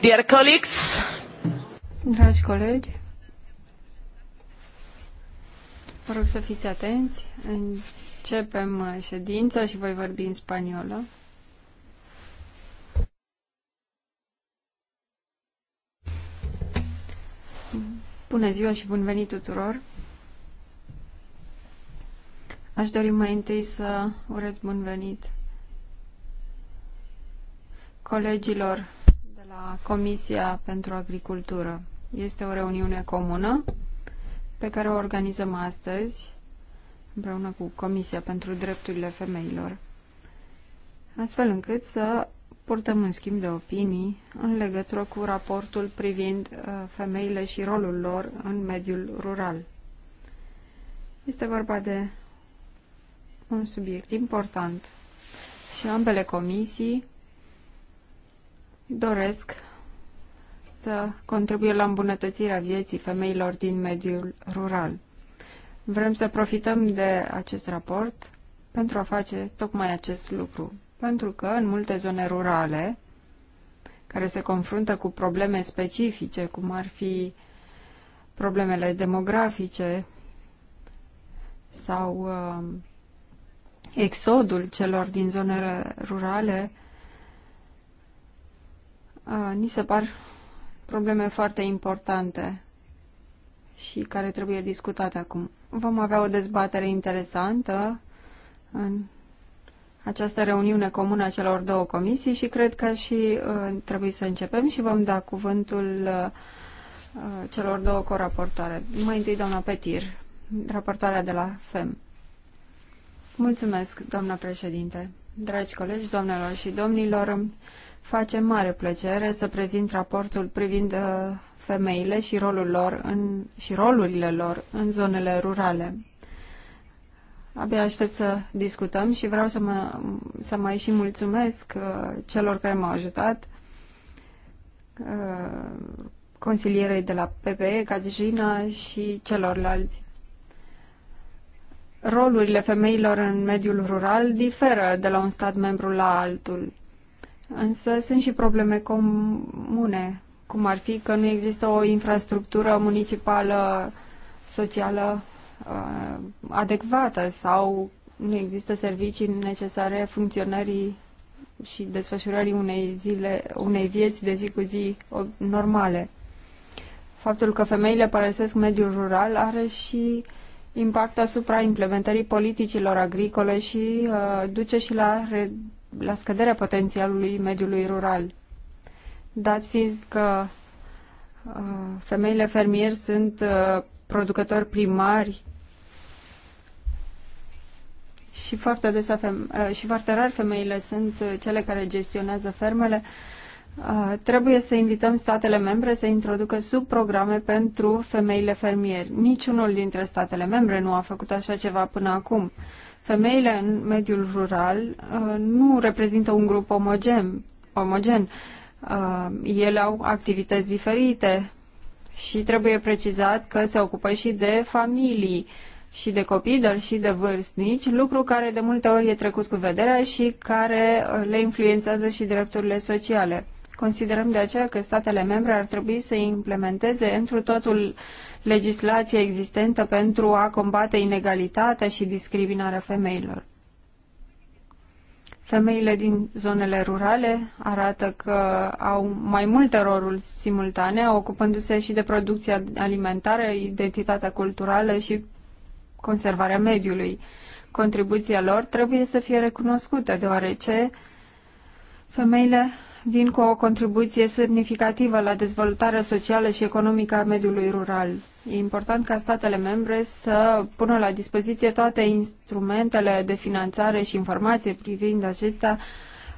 Dear colleagues, Dragi colegi, vă rog să fiți atenți. Începem uh, ședința și voi vorbi în spaniolă. Bună ziua și bun venit tuturor! Aș dori mai întâi să urez bun venit colegilor la Comisia pentru Agricultură. Este o reuniune comună pe care o organizăm astăzi împreună cu Comisia pentru Drepturile Femeilor, astfel încât să purtăm un schimb de opinii în legătură cu raportul privind uh, femeile și rolul lor în mediul rural. Este vorba de un subiect important și ambele comisii doresc să contribuie la îmbunătățirea vieții femeilor din mediul rural. Vrem să profităm de acest raport pentru a face tocmai acest lucru, pentru că în multe zone rurale, care se confruntă cu probleme specifice, cum ar fi problemele demografice sau uh, exodul celor din zonele rurale, ni se par probleme foarte importante și care trebuie discutate acum. Vom avea o dezbatere interesantă în această reuniune comună a celor două comisii și cred că și uh, trebuie să începem și vom da cuvântul uh, uh celor două coraportoare. Mai întâi doamna Petir, raportoarea de la FEM. Mulțumesc, doamna președinte. Dragi colegi, doamnelor și domnilor, face mare plăcere să prezint raportul privind uh, femeile și rolul lor în, și rolurile lor în zonele rurale. Abia aștept să discutăm și vreau să, mă, să mai și mulțumesc uh, celor care m-au ajutat, uh, consilierei de la PPE, Cadjina și celorlalți. Rolurile femeilor în mediul rural diferă de la un stat membru la altul Însă sunt și probleme comune, cum ar fi că nu există o infrastructură municipală socială uh, adecvată sau nu există servicii necesare funcționării și desfășurării unei zile, unei vieți de zi cu zi normale. Faptul că femeile părăsesc mediul rural are și impact asupra implementării politicilor agricole și uh, duce și la reducerea la scăderea potențialului mediului rural. Dat fiind că uh, femeile fermieri sunt uh, producători primari și foarte, adesea uh, și foarte rar femeile sunt cele care gestionează fermele, trebuie să invităm statele membre să introducă subprograme pentru femeile fermieri. Niciunul dintre statele membre nu a făcut așa ceva până acum. Femeile în mediul rural uh, nu reprezintă un grup omogen. omogen. Uh, ele au activități diferite și trebuie precizat că se ocupă și de familii și de copii, dar și de vârstnici, lucru care de multe ori e trecut cu vederea și care le influențează și drepturile sociale. Considerăm de aceea că statele membre ar trebui să implementeze întru totul legislația existentă pentru a combate inegalitatea și discriminarea femeilor. Femeile din zonele rurale arată că au mai multe roluri simultane, ocupându-se și de producția alimentară, identitatea culturală și conservarea mediului. Contribuția lor trebuie să fie recunoscută, deoarece femeile vin cu o contribuție semnificativă la dezvoltarea socială și economică a mediului rural. E important ca statele membre să pună la dispoziție toate instrumentele de finanțare și informație privind acestea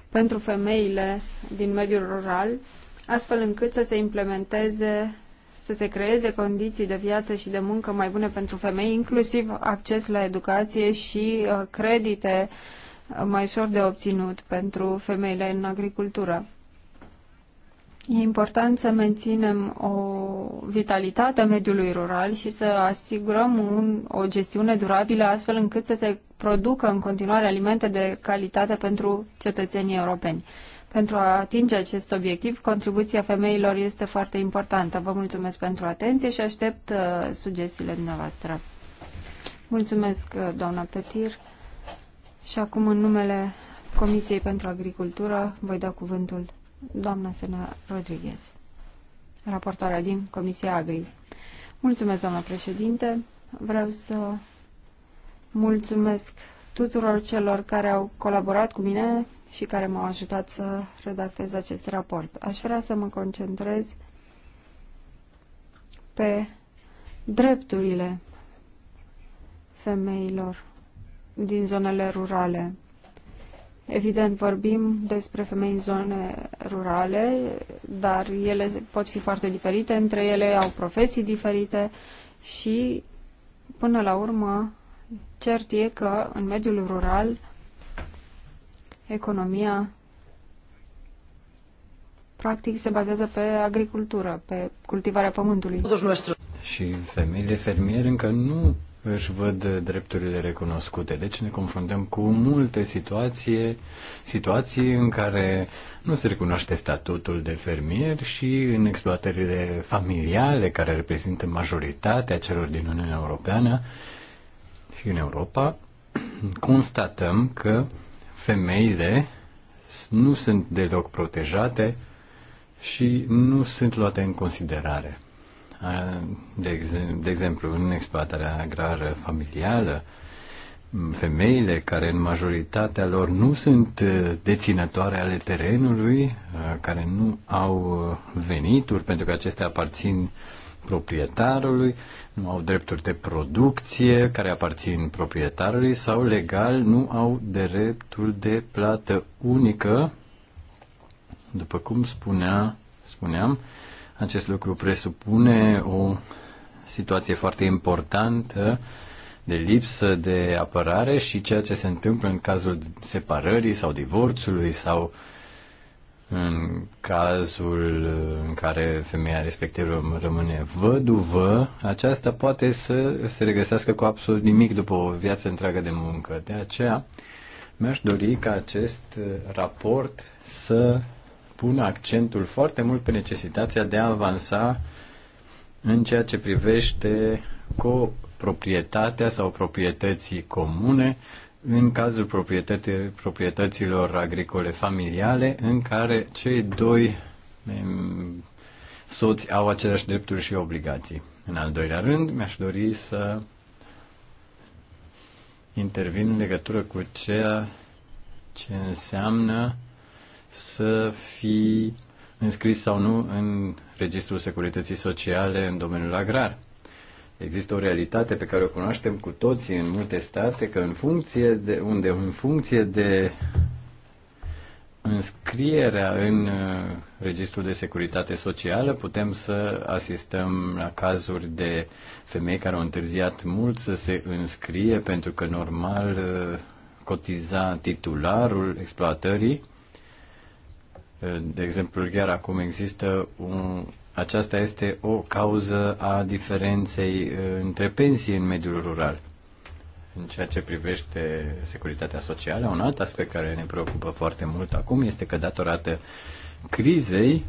pentru femeile din mediul rural, astfel încât să se implementeze, să se creeze condiții de viață și de muncă mai bune pentru femei, inclusiv acces la educație și uh, credite uh, mai ușor de obținut pentru femeile în agricultură. E important să menținem o vitalitate a mediului rural și să asigurăm un, o gestiune durabilă astfel încât să se producă în continuare alimente de calitate pentru cetățenii europeni. Pentru a atinge acest obiectiv, contribuția femeilor este foarte importantă. Vă mulțumesc pentru atenție și aștept uh, sugestiile dumneavoastră. Mulțumesc, uh, doamna Petir. Și acum, în numele Comisiei pentru Agricultură, voi da cuvântul doamna Sena Rodriguez, raportoarea din Comisia Agri. Mulțumesc, doamna președinte. Vreau să mulțumesc tuturor celor care au colaborat cu mine și care m-au ajutat să redactez acest raport. Aș vrea să mă concentrez pe drepturile femeilor din zonele rurale Evident, vorbim despre femei în zone rurale, dar ele pot fi foarte diferite, între ele au profesii diferite și, până la urmă, cert e că în mediul rural economia practic se bazează pe agricultură, pe cultivarea pământului. Și femeile fermieri încă nu își văd drepturile recunoscute. Deci ne confruntăm cu multe situații, situații în care nu se recunoaște statutul de fermier și în exploatările familiale care reprezintă majoritatea celor din Uniunea Europeană și în Europa, constatăm că femeile nu sunt deloc protejate și nu sunt luate în considerare de, de exemplu, în exploatarea agrară familială, femeile care în majoritatea lor nu sunt uh, deținătoare ale terenului, uh, care nu au uh, venituri pentru că acestea aparțin proprietarului, nu au drepturi de producție care aparțin proprietarului sau legal nu au dreptul de plată unică, după cum spunea, spuneam, acest lucru presupune o situație foarte importantă de lipsă de apărare și ceea ce se întâmplă în cazul separării sau divorțului sau în cazul în care femeia respectivă rămâne văduvă, aceasta poate să se regăsească cu absolut nimic după o viață întreagă de muncă. De aceea, mi-aș dori ca acest raport să pun accentul foarte mult pe necesitatea de a avansa în ceea ce privește cu proprietatea sau proprietății comune, în cazul proprietăților agricole familiale, în care cei doi soți au aceleași drepturi și obligații. În al doilea rând, mi-aș dori să intervin în legătură cu ceea ce înseamnă să fi înscris sau nu în Registrul Securității Sociale în domeniul agrar. Există o realitate pe care o cunoaștem cu toții în multe state, că în funcție de unde, în funcție de înscrierea în uh, Registrul de Securitate Socială, putem să asistăm la cazuri de femei care au întârziat mult să se înscrie pentru că normal uh, cotiza titularul exploatării de exemplu, chiar acum există un, aceasta este o cauză a diferenței uh, între pensii în mediul rural. În ceea ce privește securitatea socială, un alt aspect care ne preocupă foarte mult acum este că datorată crizei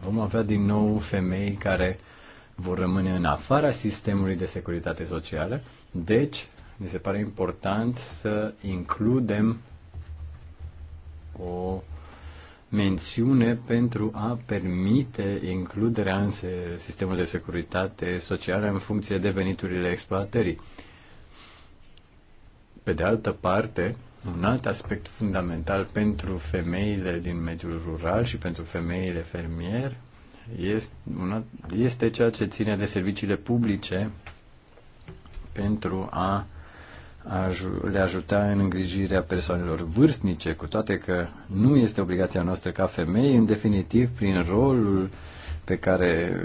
vom avea din nou femei care vor rămâne în afara sistemului de securitate socială, deci mi se pare important să includem o mențiune pentru a permite includerea în sistemul de securitate socială în funcție de veniturile exploatării. Pe de altă parte, un alt aspect fundamental pentru femeile din mediul rural și pentru femeile fermier este, ceea ce ține de serviciile publice pentru a le ajuta în îngrijirea persoanelor vârstnice, cu toate că nu este obligația noastră ca femei, în definitiv, prin rolul pe care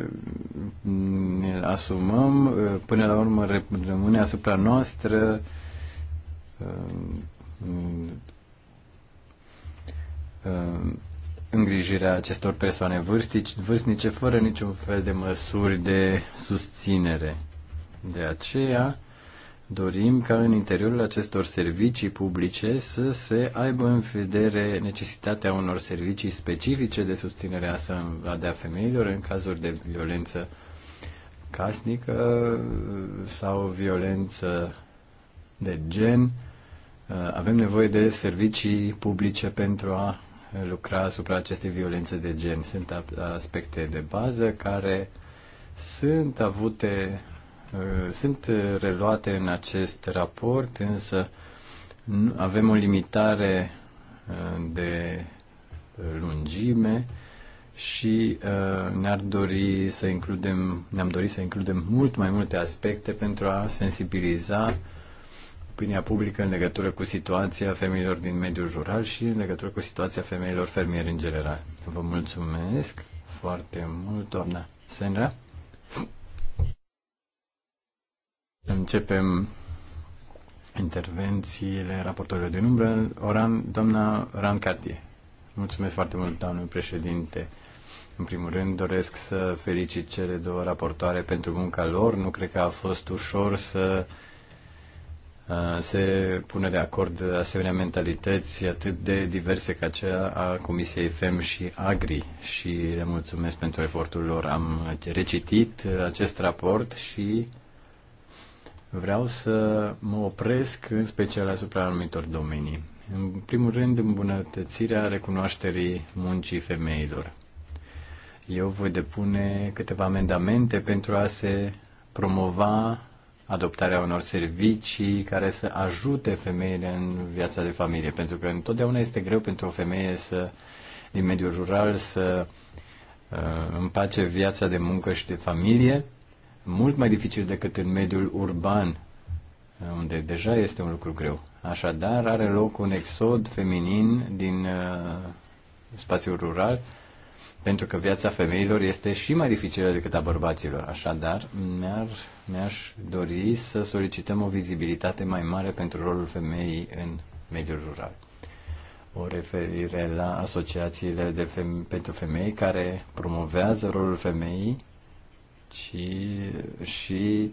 îl asumăm, până la urmă rămâne asupra noastră um, um, îngrijirea acestor persoane vârstici, vârstnice fără niciun fel de măsuri de susținere. De aceea, Dorim ca în interiorul acestor servicii publice să se aibă în vedere necesitatea unor servicii specifice de susținere a femeilor în cazuri de violență casnică sau violență de gen. Uh, avem nevoie de servicii publice pentru a lucra asupra acestei violențe de gen. Sunt aspecte de bază care sunt avute Uh, sunt uh, reluate în acest raport, însă avem o limitare uh, de lungime și ne-ar dori să includem, ne-am dorit să includem mult mai multe aspecte pentru a sensibiliza opinia publică în legătură cu situația femeilor din mediul rural și în legătură cu situația femeilor fermieri în general. Vă mulțumesc foarte mult, doamna Senra. Începem intervențiile raportorilor din umbră. Oran, doamna Oran Cartier. Mulțumesc foarte mult, doamnă președinte. În primul rând, doresc să felicit cele două raportoare pentru munca lor. Nu cred că a fost ușor să se pune de acord asemenea mentalități atât de diverse ca cea a Comisiei FEM și AGRI și le mulțumesc pentru efortul lor. Am recitit acest raport și vreau să mă opresc în special asupra anumitor domenii. În primul rând, îmbunătățirea recunoașterii muncii femeilor. Eu voi depune câteva amendamente pentru a se promova adoptarea unor servicii care să ajute femeile în viața de familie, pentru că întotdeauna este greu pentru o femeie să, din mediul rural să uh, împace viața de muncă și de familie mult mai dificil decât în mediul urban, unde deja este un lucru greu. Așadar, are loc un exod feminin din uh, spațiul rural, pentru că viața femeilor este și mai dificilă decât a bărbaților. Așadar, mi-ar, mi-aș dori să solicităm o vizibilitate mai mare pentru rolul femeii în mediul rural. O referire la asociațiile de feme- pentru femei care promovează rolul femeii ci și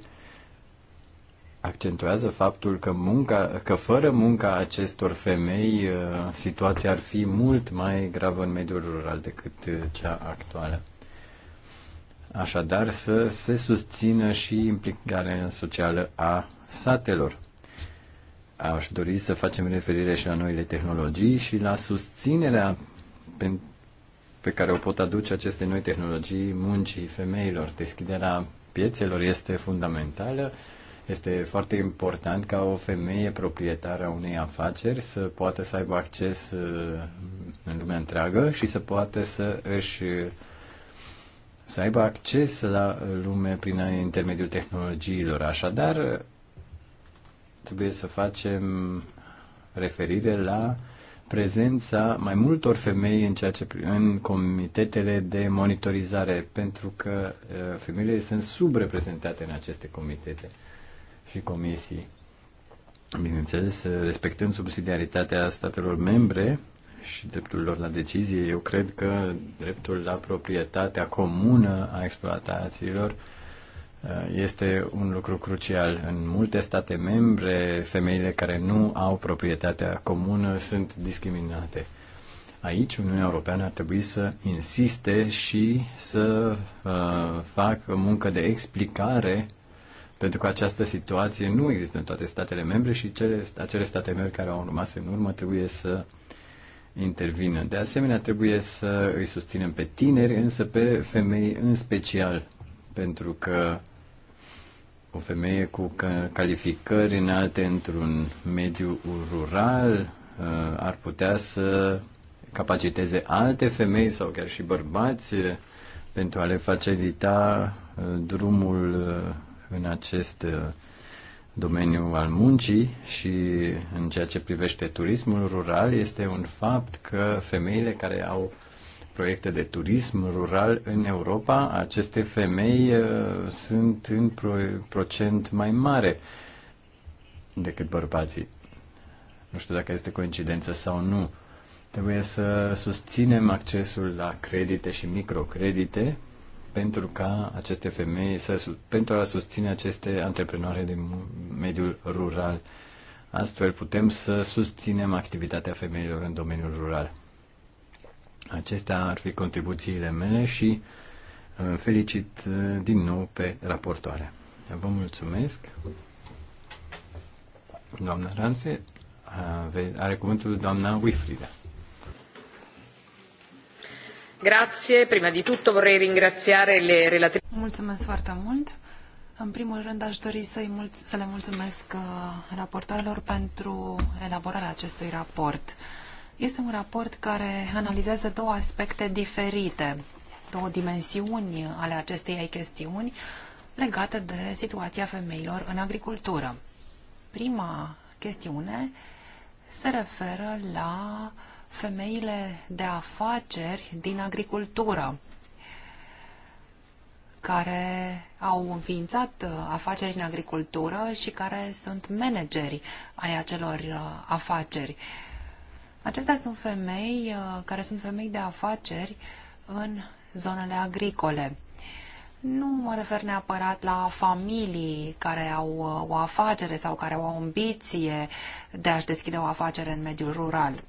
accentuează faptul că, munca, că fără munca acestor femei uh, situația ar fi mult mai gravă în mediul rural decât uh, cea actuală. Așadar, să se susțină și implicarea socială a satelor. Aș dori să facem referire și la noile tehnologii și la susținerea pe care o pot aduce aceste noi tehnologii muncii femeilor. Deschiderea piețelor este fundamentală. Este foarte important ca o femeie proprietară a unei afaceri să poată să aibă acces uh, în lumea întreagă și să poată să își să aibă acces la lume prin intermediul tehnologiilor. Așadar, trebuie să facem referire la prezența mai multor femei în, ceea ce, în comitetele de monitorizare, pentru că uh, femeile sunt subreprezentate în aceste comitete și comisii. Bineînțeles, uh, respectând subsidiaritatea statelor membre și dreptul lor la decizie, eu cred că dreptul la proprietatea comună a exploatațiilor Uh, este un lucru crucial. În multe state membre, femeile care nu au proprietatea comună sunt discriminate. Aici Uniunea Europeană ar trebui să insiste și să uh, facă muncă de explicare pentru că această situație nu există în toate statele membre și cele, acele state membre care au rămas în urmă trebuie să intervină. De asemenea, trebuie să îi susținem pe tineri, însă pe femei în special, pentru că o femeie cu calificări înalte într-un mediu rural uh, ar putea să capaciteze alte femei sau chiar și bărbați uh, pentru a le facilita uh, drumul în acest domeniu al muncii și în ceea ce privește turismul rural este un fapt că femeile care au uh, proiecte de turism rural în Europa, aceste femei uh, sunt în procent mai mare decât bărbații. Nu știu dacă este coincidență sau nu. Trebuie să susținem accesul la credite și microcredite pentru ca aceste femei să, pentru a susține aceste antreprenoare din mediul rural. Astfel putem să susținem activitatea femeilor în domeniul rural. Acestea ar fi contribuțiile mele și uh, felicit uh, din nou pe raportoare. Vă mulțumesc. Doamna Ranse, are cuvântul doamna Wifrida. Grazie, prima di tutto vorrei ringraziare le relatrici. Mulțumesc foarte mult. În primul rând aș dori să, mulț- să le mulțumesc uh, raportoarelor pentru elaborarea acestui raport. Este un raport care analizează două aspecte diferite, două dimensiuni ale acestei chestiuni legate de situația femeilor în agricultură. Prima chestiune se referă la femeile de afaceri din agricultură care au înființat afaceri în agricultură și care sunt manageri ai acelor afaceri. Acestea sunt femei uh, care sunt femei de afaceri în zonele agricole. Nu mă refer neapărat la familii care au uh, o afacere sau care au o ambiție de a-și deschide o afacere în mediul rural.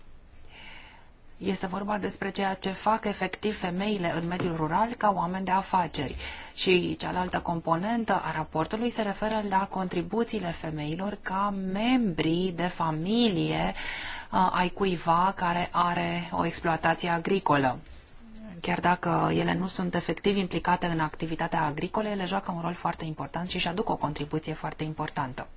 Este vorba despre ceea ce fac efectiv femeile în mediul rural ca oameni de afaceri. Și cealaltă componentă a raportului se referă la contribuțiile femeilor ca membrii de familie uh, ai cuiva care are o exploatație agricolă. Chiar dacă ele nu sunt efectiv implicate în activitatea agricolă, ele joacă un rol foarte important și își aduc o contribuție foarte importantă.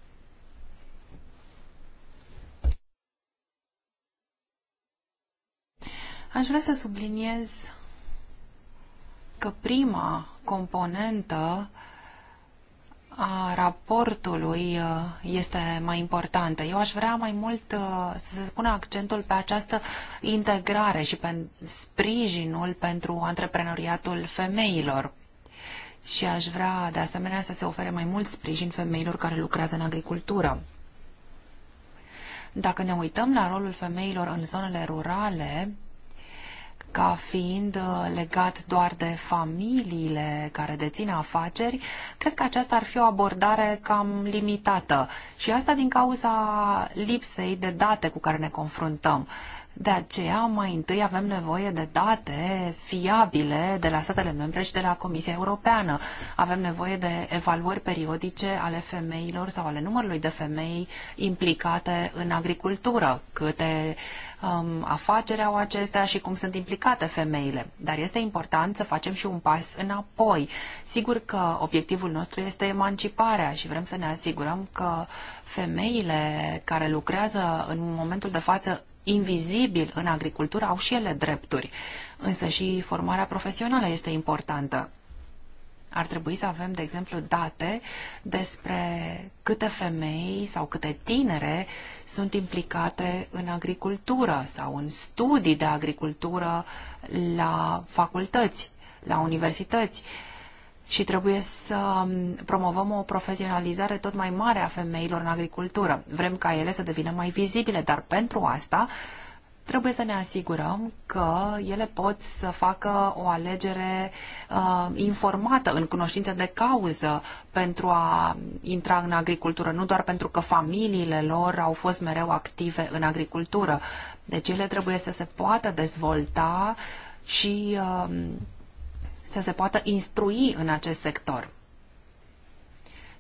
Aș vrea să subliniez că prima componentă a raportului uh, este mai importantă. Eu aș vrea mai mult uh, să se pună accentul pe această integrare și pe sprijinul pentru antreprenoriatul femeilor. Și aș vrea, de asemenea, să se ofere mai mult sprijin femeilor care lucrează în agricultură. Dacă ne uităm la rolul femeilor în zonele rurale, ca fiind uh, legat doar de familiile care dețin afaceri, cred că aceasta ar fi o abordare cam limitată. Și asta din cauza lipsei de date cu care ne confruntăm. De aceea, mai întâi avem nevoie de date fiabile de la statele membre și de la Comisia Europeană. Avem nevoie de evaluări periodice ale femeilor sau ale numărului de femei implicate în agricultură, câte um, afaceri au acestea și cum sunt implicate femeile. Dar este important să facem și un pas înapoi. Sigur că obiectivul nostru este emanciparea și vrem să ne asigurăm că femeile care lucrează în momentul de față invizibil în agricultură au și ele drepturi, însă și formarea profesională este importantă. Ar trebui să avem, de exemplu, date despre câte femei sau câte tinere sunt implicate în agricultură sau în studii de agricultură la facultăți, la universități. Uh, și trebuie să promovăm o profesionalizare tot mai mare a femeilor în agricultură. Vrem ca ele să devină mai vizibile, dar pentru asta trebuie să ne asigurăm că ele pot să facă o alegere uh, informată, în cunoștință de cauză, pentru a intra în agricultură, nu doar pentru că familiile lor au fost mereu active în agricultură. Deci ele trebuie să se poată dezvolta și uh, să se poată instrui în acest sector.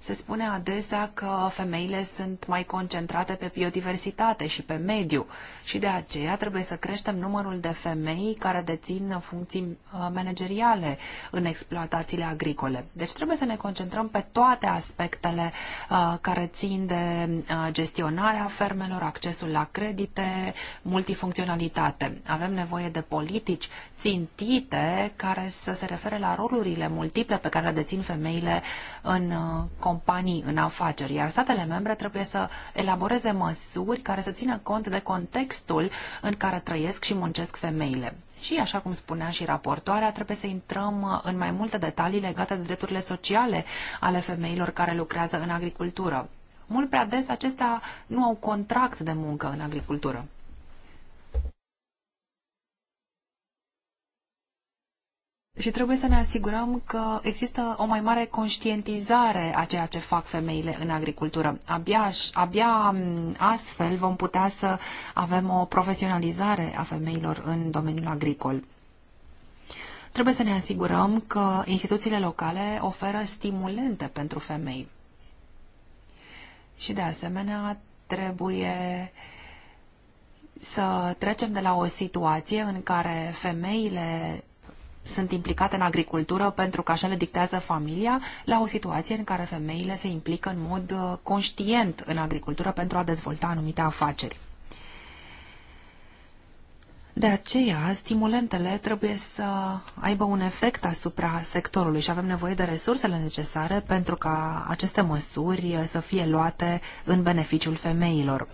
Se spune adesea că femeile sunt mai concentrate pe biodiversitate și pe mediu și de aceea trebuie să creștem numărul de femei care dețin funcții uh, manageriale în exploatațiile agricole. Deci trebuie să ne concentrăm pe toate aspectele uh, care țin de uh, gestionarea fermelor, accesul la credite, multifuncționalitate. Avem nevoie de politici țintite care să se refere la rolurile multiple pe care le dețin femeile în comunitate companii în afaceri, iar statele membre trebuie să elaboreze măsuri care să țină cont de contextul în care trăiesc și muncesc femeile. Și, așa cum spunea și raportoarea, trebuie să intrăm în mai multe detalii legate de drepturile sociale ale femeilor care lucrează în agricultură. Mult prea des acestea nu au contract de muncă în agricultură. și trebuie să ne asigurăm că există o mai mare conștientizare a ceea ce fac femeile în agricultură. Abia, abia astfel vom putea să avem o profesionalizare a femeilor în domeniul agricol. Trebuie să ne asigurăm că instituțiile locale oferă stimulente pentru femei. Și de asemenea, trebuie să trecem de la o situație în care femeile sunt implicate în agricultură pentru că așa le dictează familia, la o situație în care femeile se implică în mod uh, conștient în agricultură pentru a dezvolta anumite afaceri. De aceea, stimulentele trebuie să aibă un efect asupra sectorului și avem nevoie de resursele necesare pentru ca aceste măsuri uh, să fie luate în beneficiul femeilor.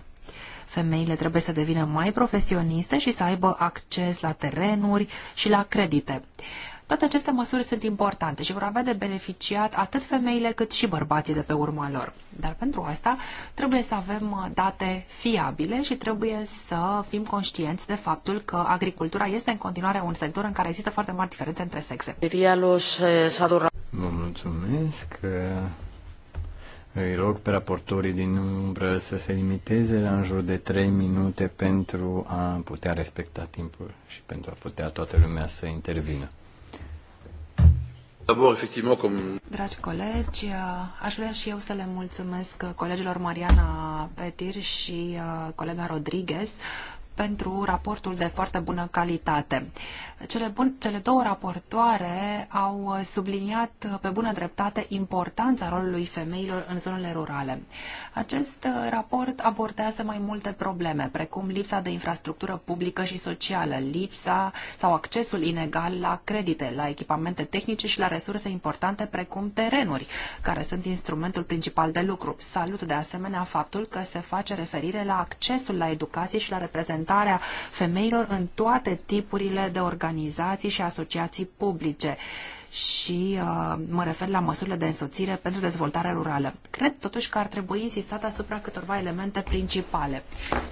Femeile trebuie să devină mai profesioniste și să aibă acces la terenuri și la credite. Toate aceste măsuri sunt importante și vor avea de beneficiat atât femeile cât și bărbații de pe urma lor. Dar pentru asta trebuie să avem uh, date fiabile și trebuie să fim conștienți de faptul că agricultura este în continuare un sector în care există foarte mari diferențe între sexe. Eh, Vă mulțumesc. Eh, îi rog pe raportorii din umbră să se limiteze la în jur de 3 minute pentru a putea respecta timpul și pentru a putea toată lumea să intervină. Dragi colegi, aș vrea și eu să le mulțumesc colegilor Mariana Petir și uh, colega Rodriguez pentru raportul de foarte bună calitate. Cele, bun, cele două raportoare au subliniat pe bună dreptate importanța rolului femeilor în zonele rurale. Acest raport abordează mai multe probleme, precum lipsa de infrastructură publică și socială, lipsa sau accesul inegal la credite, la echipamente tehnice și la resurse importante precum terenuri, care sunt instrumentul principal de lucru. Salut de asemenea faptul că se face referire la accesul la educație și la reprezentare reprezentarea femeilor în toate tipurile de organizații și asociații publice și uh, mă refer la măsurile de însoțire pentru dezvoltarea rurală. Cred totuși că ar trebui insistat asupra câtorva elemente principale.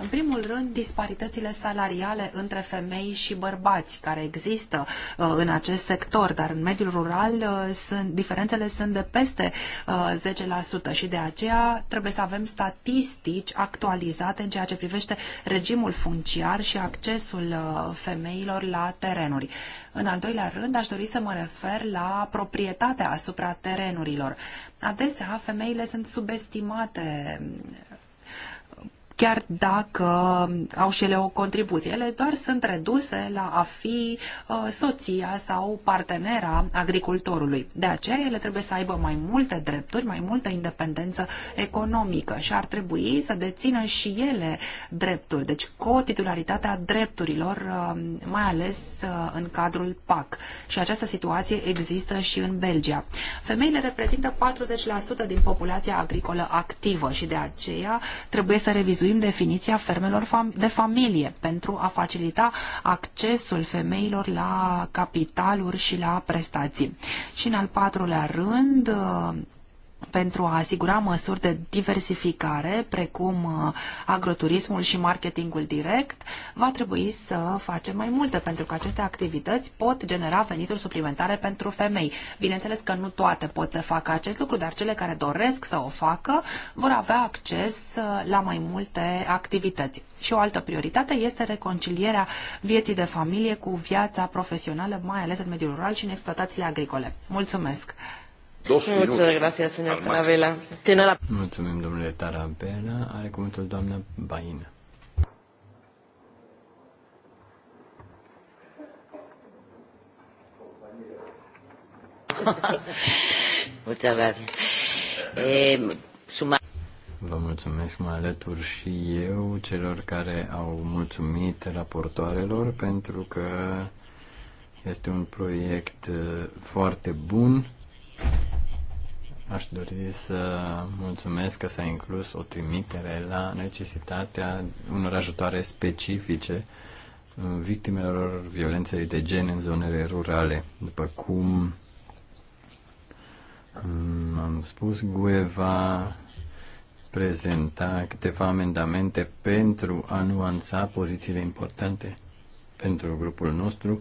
În primul rând, disparitățile salariale între femei și bărbați care există uh, în acest sector, dar în mediul rural uh, sunt, diferențele sunt de peste uh, 10% și de aceea trebuie să avem statistici actualizate în ceea ce privește regimul funciar și accesul uh, femeilor la terenuri. În al doilea rând, aș dori să mă refer la proprietatea asupra terenurilor. Adesea, femeile sunt subestimate chiar dacă au și ele o contribuție. Ele doar sunt reduse la a fi uh, soția sau partenera agricultorului. De aceea ele trebuie să aibă mai multe drepturi, mai multă independență economică și ar trebui să dețină și ele drepturi, deci cotitularitatea drepturilor, uh, mai ales uh, în cadrul PAC. Și această situație există și în Belgia. Femeile reprezintă 40% din populația agricolă activă și de aceea trebuie să revizuim revizuim definiția fermelor de familie pentru a facilita accesul femeilor la capitaluri și la prestații. Și în al patrulea rând, pentru a asigura măsuri de diversificare, precum uh, agroturismul și marketingul direct, va trebui să facem mai multe, pentru că aceste activități pot genera venituri suplimentare pentru femei. Bineînțeles că nu toate pot să facă acest lucru, dar cele care doresc să o facă vor avea acces uh, la mai multe activități. Și o altă prioritate este reconcilierea vieții de familie cu viața profesională, mai ales în mediul rural și în exploatațiile agricole. Mulțumesc! Dos Muchas gracias, señor Tarabella. Tiene la... Mulțumim, domnule Tarabella. Are cuvântul doamna Baină. Muchas gracias. Eh, suma... Vă mulțumesc, mă alătur și eu celor care au mulțumit raportoarelor pentru că este un proiect eh, foarte bun Aș dori să mulțumesc că s-a inclus o trimitere la necesitatea unor ajutoare specifice uh, victimelor violenței de gen în zonele rurale. După cum mm, am spus, GUE va prezenta câteva amendamente pentru a nuanța pozițiile importante pentru grupul nostru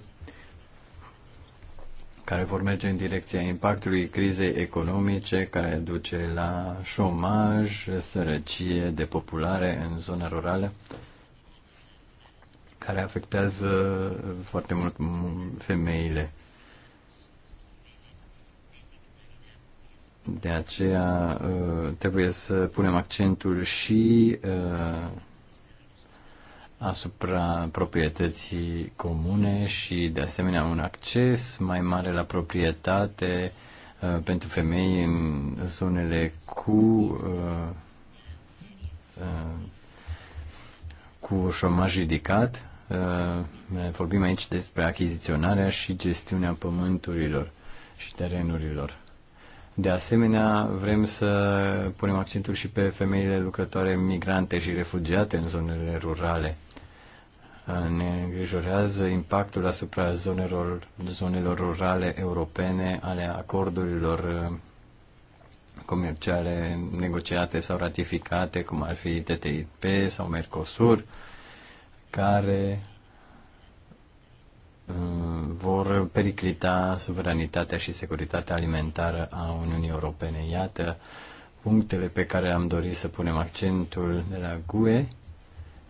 care vor merge în direcția impactului crizei economice care duce la șomaj, sărăcie, depopulare în zona rurală, care afectează foarte mult femeile. De aceea uh, trebuie să punem accentul și uh, asupra proprietății comune și, de asemenea, un acces mai mare la proprietate uh, pentru femei în zonele cu uh, uh, cu șomaj ridicat. Vorbim aici despre achiziționarea și gestiunea pământurilor și terenurilor. De asemenea, vrem să punem accentul și pe femeile lucrătoare migrante și refugiate în zonele rurale. Ne îngrijorează impactul asupra zonelor, zonelor rurale europene ale acordurilor uh, comerciale negociate sau ratificate, cum ar fi TTIP sau Mercosur, care uh, vor periclita suveranitatea și securitatea alimentară a Uniunii Europene. Iată punctele pe care am dorit să punem accentul de la GUE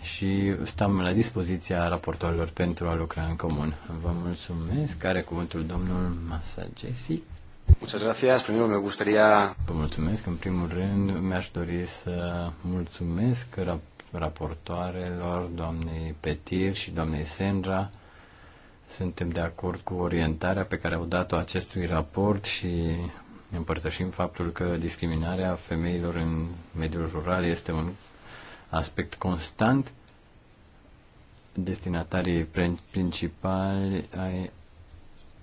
și stăm la dispoziția raportorilor pentru a lucra în comun. Vă mulțumesc. Care cuvântul domnul Masagesi? Muchas gracias. Primero me gustaría... Vă mulțumesc. În primul rând mi-aș dori să mulțumesc raportoarelor, doamnei Petir și doamnei Sandra. Suntem de acord cu orientarea pe care au dat-o acestui raport și împărtășim faptul că discriminarea femeilor în mediul rural este un aspect constant. Destinatarii principali ai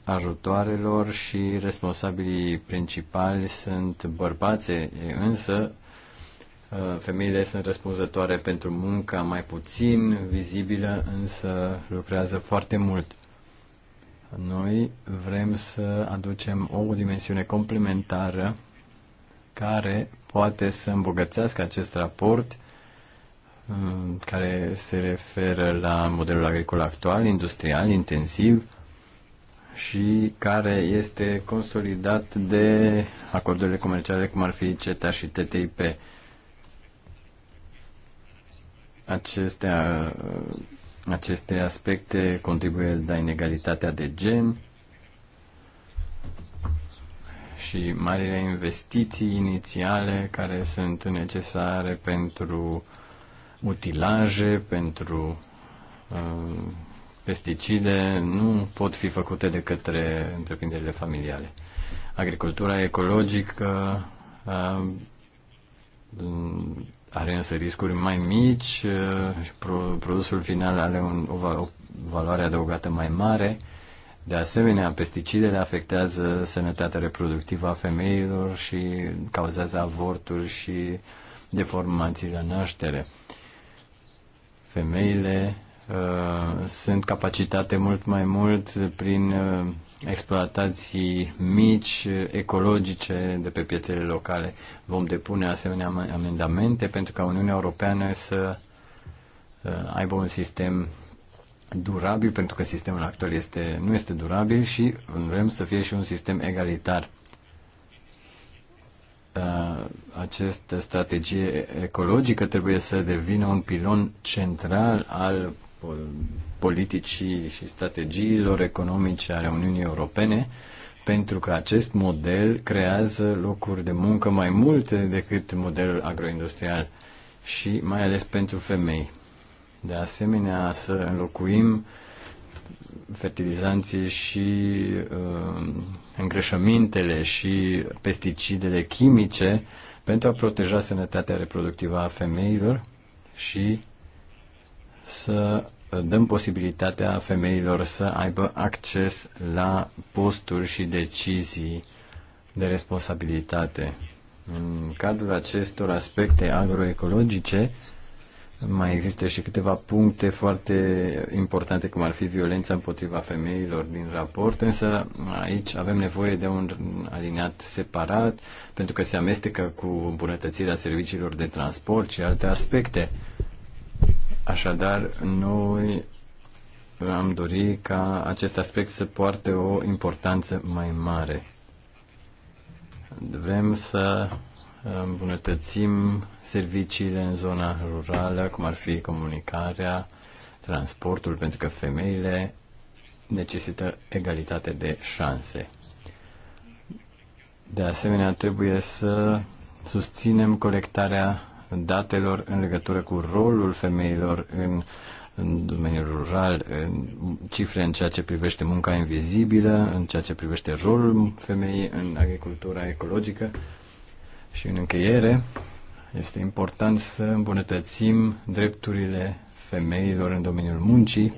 ajutoarelor și responsabilii principali sunt bărbații, însă uh, femeile sunt răspunzătoare pentru munca mai puțin vizibilă, însă lucrează foarte mult. Noi vrem să aducem o dimensiune complementară care poate să îmbogățească acest raport Mm, care se referă la modelul agricol actual, industrial, intensiv și care este consolidat de acordurile comerciale cum ar fi CETA și TTIP. Aceste, uh, aceste aspecte contribuie la inegalitatea de gen și marile investiții inițiale care sunt necesare pentru uh, utilaje, pentru uh, pesticide nu pot fi făcute de către întreprinderile familiale. Agricultura ecologică uh, are însă riscuri mai mici uh, produsul final are un, o, o valoare adăugată mai mare. De asemenea, pesticidele afectează sănătatea reproductivă a femeilor și cauzează avorturi și deformații la naștere. Uh, Femeile uh, sunt capacitate mult mai mult prin uh, exploatații mici, ecologice de pe piețele locale. Vom depune asemenea amendamente pentru ca Uniunea Europeană să uh, aibă un sistem durabil, pentru că sistemul actual este, nu este durabil și vrem să fie și un sistem egalitar această strategie ecologică trebuie să devină un pilon central al politicii și strategiilor economice ale Uniunii Europene, pentru că acest model creează locuri de muncă mai multe decât modelul agroindustrial și mai ales pentru femei. De asemenea, să înlocuim fertilizanții și uh, îngrășămintele și pesticidele chimice pentru a proteja sănătatea reproductivă a femeilor și să dăm posibilitatea femeilor să aibă acces la posturi și decizii de responsabilitate. În cadrul acestor aspecte agroecologice, mai există și câteva puncte foarte importante, cum ar fi violența împotriva femeilor din raport, însă aici avem nevoie de un alineat separat, pentru că se amestecă cu îmbunătățirea serviciilor de transport și alte aspecte. Așadar, noi am dori ca acest aspect să poarte o importanță mai mare. Vrem să îmbunătățim serviciile în zona rurală, cum ar fi comunicarea, transportul, pentru că femeile necesită egalitate de șanse. De asemenea, trebuie să susținem colectarea datelor în legătură cu rolul femeilor în, în domeniul rural, în cifre în ceea ce privește munca invizibilă, în ceea ce privește rolul femeii în agricultura ecologică și în încheiere, este important să îmbunătățim drepturile femeilor în domeniul muncii,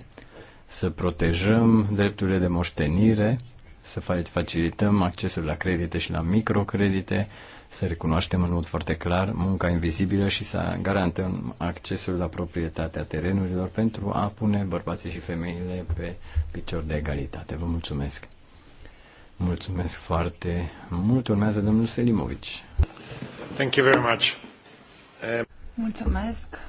să protejăm drepturile de moștenire, să facilităm accesul la credite și la microcredite, să recunoaștem în mod foarte clar munca invizibilă și să garantăm accesul la proprietatea terenurilor pentru a pune bărbații și femeile pe picior de egalitate. Vă mulțumesc! Mulțumesc foarte mult. Urmează domnul Selimovici. Thank you very much. Mulțumesc.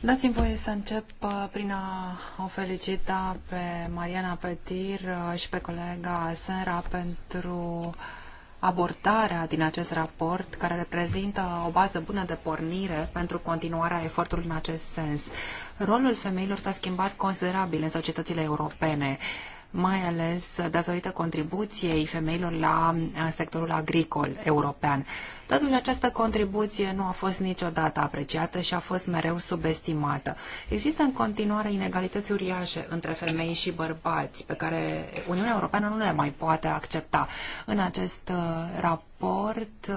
Dați-mi voie să încep uh, prin a o felicita pe Mariana Petir uh, și pe colega Senra pentru abordarea din acest raport, care reprezintă o bază bună de pornire pentru continuarea efortului în acest sens. Rolul femeilor s-a schimbat considerabil în societățile europene mai ales datorită contribuției femeilor la uh, sectorul agricol european. De această contribuție nu a fost niciodată apreciată și a fost mereu subestimată. Există în continuare inegalități uriașe între femei și bărbați pe care Uniunea Europeană nu le mai poate accepta. În acest uh, raport raport uh,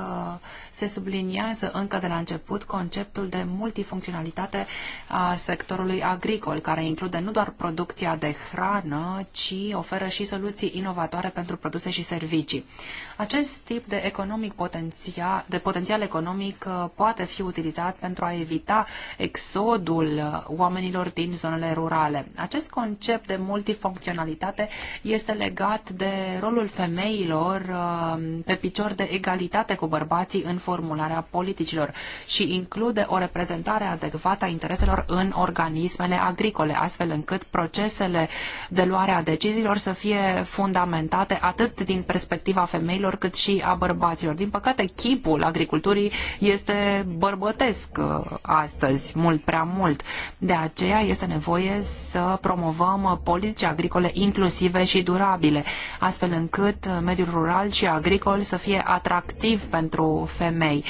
se subliniază încă de la început conceptul de multifuncționalitate a sectorului agricol, care include nu doar producția de hrană, ci oferă și soluții inovatoare pentru produse și servicii. Acest tip de economic potențial de potențial economic uh, poate fi utilizat pentru a evita exodul uh, oamenilor din zonele rurale. Acest concept de multifuncționalitate este legat de rolul femeilor uh, pe picior de egalitate cu bărbații în formularea politicilor și include o reprezentare adecvată a intereselor în organismele agricole, astfel încât procesele de luare a deciziilor să fie fundamentate atât din perspectiva femeilor cât și a bărbaților. Din păcate, chipul timpul agriculturii este bărbătesc uh, astăzi, mult prea mult. De aceea este nevoie să promovăm politici agricole inclusive și durabile, astfel încât uh, mediul rural și agricol să fie atractiv pentru femei.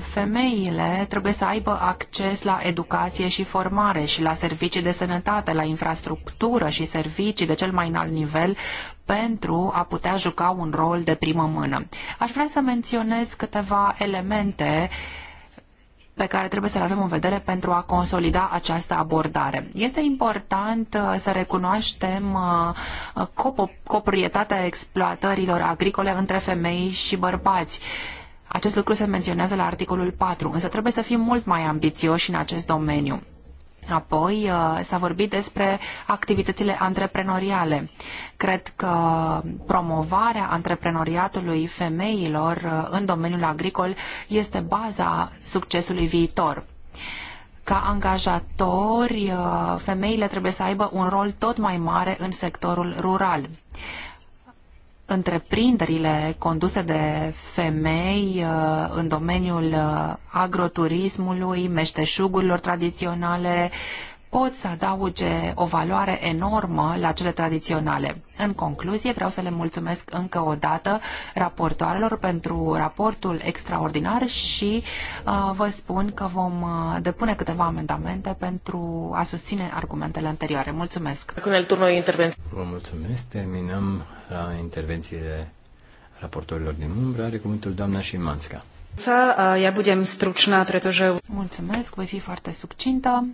Femeile trebuie să aibă acces la educație și formare și la servicii de sănătate, la infrastructură și servicii de cel mai înalt nivel pentru a putea juca un rol de primă mână. Aș vrea să menționez câteva elemente pe care trebuie să le avem în vedere pentru a consolida această abordare. Este important uh, să recunoaștem uh, coproprietatea exploatărilor agricole între femei și bărbați acest lucru se menționează la articolul 4, însă trebuie să fim mult mai ambițioși în acest domeniu. Apoi uh, s-a vorbit despre activitățile antreprenoriale. Cred că promovarea antreprenoriatului femeilor uh, în domeniul agricol este baza succesului viitor. Ca angajatori, uh, femeile trebuie să aibă un rol tot mai mare în sectorul rural întreprinderile conduse de femei uh, în domeniul uh, agroturismului, meșteșugurilor tradiționale, pot să adauge o valoare enormă la cele tradiționale. În concluzie, vreau să le mulțumesc încă o dată raportoarelor pentru raportul extraordinar și uh, vă spun că vom uh, depune câteva amendamente pentru a susține argumentele anterioare. Mulțumesc! Vă mulțumesc! Terminăm intervențiile raportorilor din umbră. Are cuvântul doamna Șimanska. Uh, ja budem stručná, pretože... Mulțumesc, voi fi foarte succintă.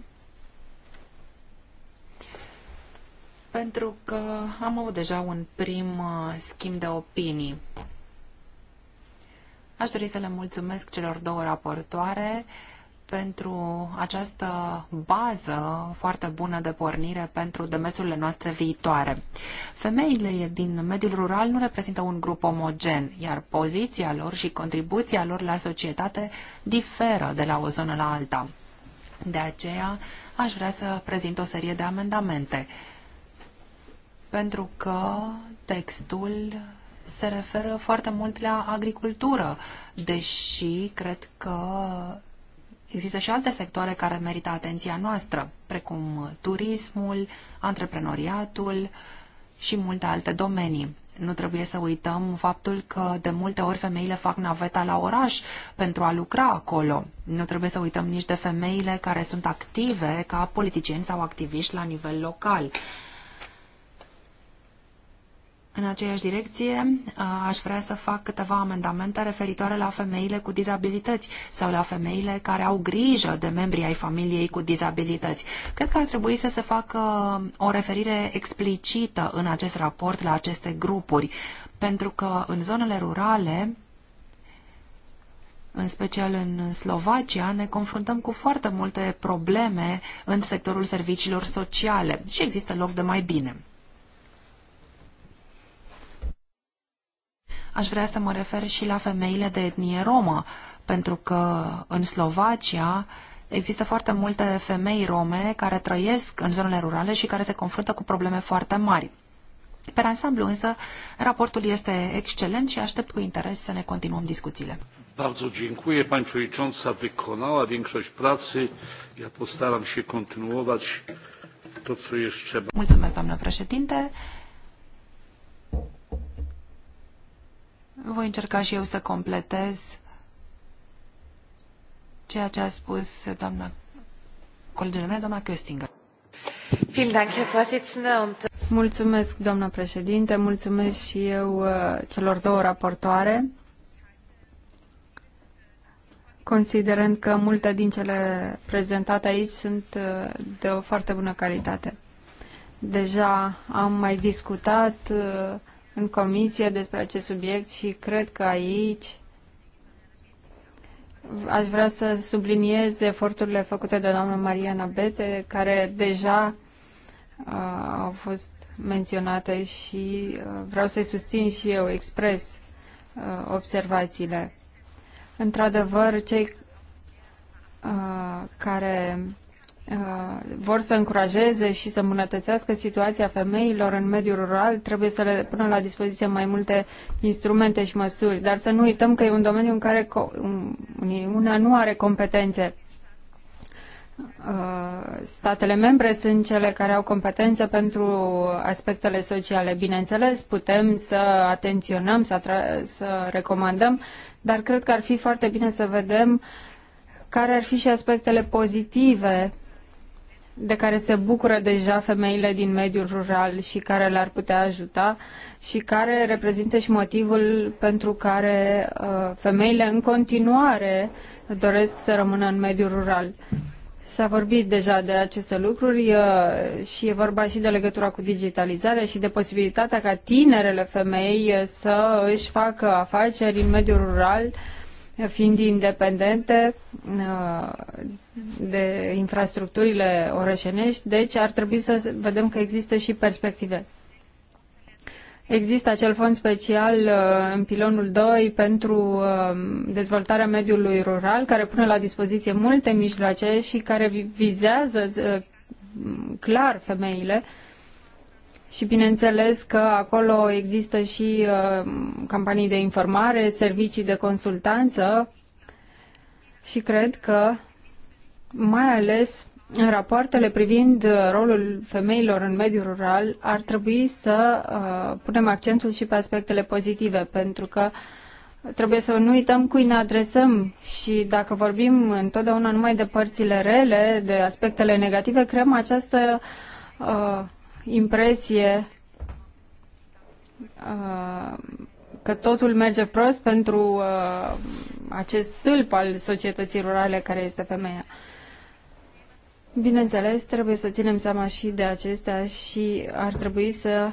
pentru că am avut deja un prim uh, schimb de opinii. Aș dori să le mulțumesc celor două raportoare pentru această bază foarte bună de pornire pentru demersurile noastre viitoare. Femeile din mediul rural nu reprezintă un grup omogen, iar poziția lor și contribuția lor la societate diferă de la o zonă la alta. De aceea, aș vrea să prezint o serie de amendamente pentru că textul se referă foarte mult la agricultură, deși cred că există și alte sectoare care merită atenția noastră, precum turismul, antreprenoriatul și multe alte domenii. Nu trebuie să uităm faptul că de multe ori femeile fac naveta la oraș pentru a lucra acolo. Nu trebuie să uităm nici de femeile care sunt active ca politicieni sau activiști la nivel local. În aceeași direcție, aș vrea să fac câteva amendamente referitoare la femeile cu dizabilități sau la femeile care au grijă de membrii ai familiei cu dizabilități. Cred că ar trebui să se facă um, o referire explicită în acest raport la aceste grupuri, pentru că în zonele rurale, în special în Slovacia, ne confruntăm cu foarte multe probleme în sectorul serviciilor sociale și există loc de mai bine. Aș vrea să mă refer și la femeile de etnie romă, pentru că în Slovacia există foarte multe femei rome care trăiesc în zonele rurale și care se confruntă cu probleme foarte mari. Pe ansamblu însă, raportul este excelent și aștept cu interes să ne continuăm discuțiile. Bardzo dziękuję. Pani Przewodnicząca wykonała większość pracy. Ja postaram się kontynuować to, co jeszcze... Mulțumesc, doamnă președinte. Voi încerca și eu să completez ceea ce a spus doamna colegele mele, doamna Köstinger. Äh, mulțumesc, doamnă președinte, mulțumesc și eu uh, celor două raportoare. Considerând că multe din cele prezentate aici sunt uh, de o foarte bună calitate. Deja am mai discutat uh, în comisie despre acest subiect și cred că aici aș vrea să subliniez eforturile făcute de doamna Mariana Bete, care deja uh, au fost menționate și uh, vreau să-i susțin și eu expres uh, observațiile. Într-adevăr, cei uh, care Uh, vor să încurajeze și să îmbunătățească situația femeilor în mediul rural, trebuie să le pună la dispoziție mai multe instrumente și măsuri. Dar să nu uităm că e un domeniu în care Uniunea nu are competențe. Uh, statele membre sunt cele care au competențe pentru aspectele sociale. Bineînțeles, putem să atenționăm, să, să recomandăm, dar cred că ar fi foarte bine să vedem care ar fi și aspectele pozitive de care se bucură deja femeile din mediul rural și care le-ar putea ajuta și care reprezintă și motivul pentru care uh, femeile în continuare doresc să rămână în mediul rural. S-a vorbit deja de aceste lucruri uh, și e vorba și de legătura cu digitalizarea și de posibilitatea ca tinerele femei uh, să își facă afaceri în mediul rural fiind independente uh, de infrastructurile orășenești, deci ar trebui să vedem că există și perspective. Există acel fond special uh, în pilonul 2 pentru uh, dezvoltarea mediului rural, care pune la dispoziție multe mijloace și care vizează clar femeile și bineînțeles că acolo există și uh, campanii de informare, servicii de consultanță și cred că mai ales în rapoartele privind uh, rolul femeilor în mediul rural ar trebui să uh, punem accentul și pe aspectele pozitive, pentru că trebuie să nu uităm cui ne adresăm și dacă vorbim întotdeauna numai de părțile rele, de aspectele negative, creăm această uh, impresie uh, că totul merge prost pentru uh, acest tâlp al societății rurale care este femeia. Bineînțeles, trebuie să ținem seama și de acestea și ar trebui să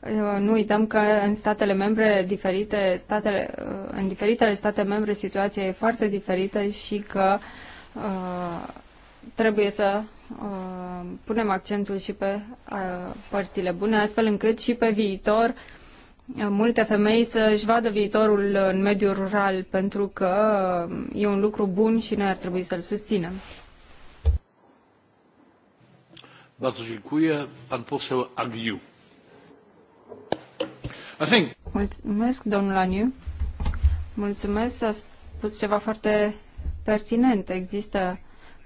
uh, nu uităm că în statele membre diferite, statele, în diferitele state membre situația e foarte diferită și că uh, trebuie să Uh, punem accentul și pe uh, părțile bune, astfel încât și pe viitor uh, multe femei să-și vadă viitorul în mediul rural, pentru că e un lucru bun și noi ar trebui să-l susținem. Bardzo dziękuję. Pan poseł Mulțumesc, domnul Aniu. Mulțumesc, a spus ceva foarte pertinent. Există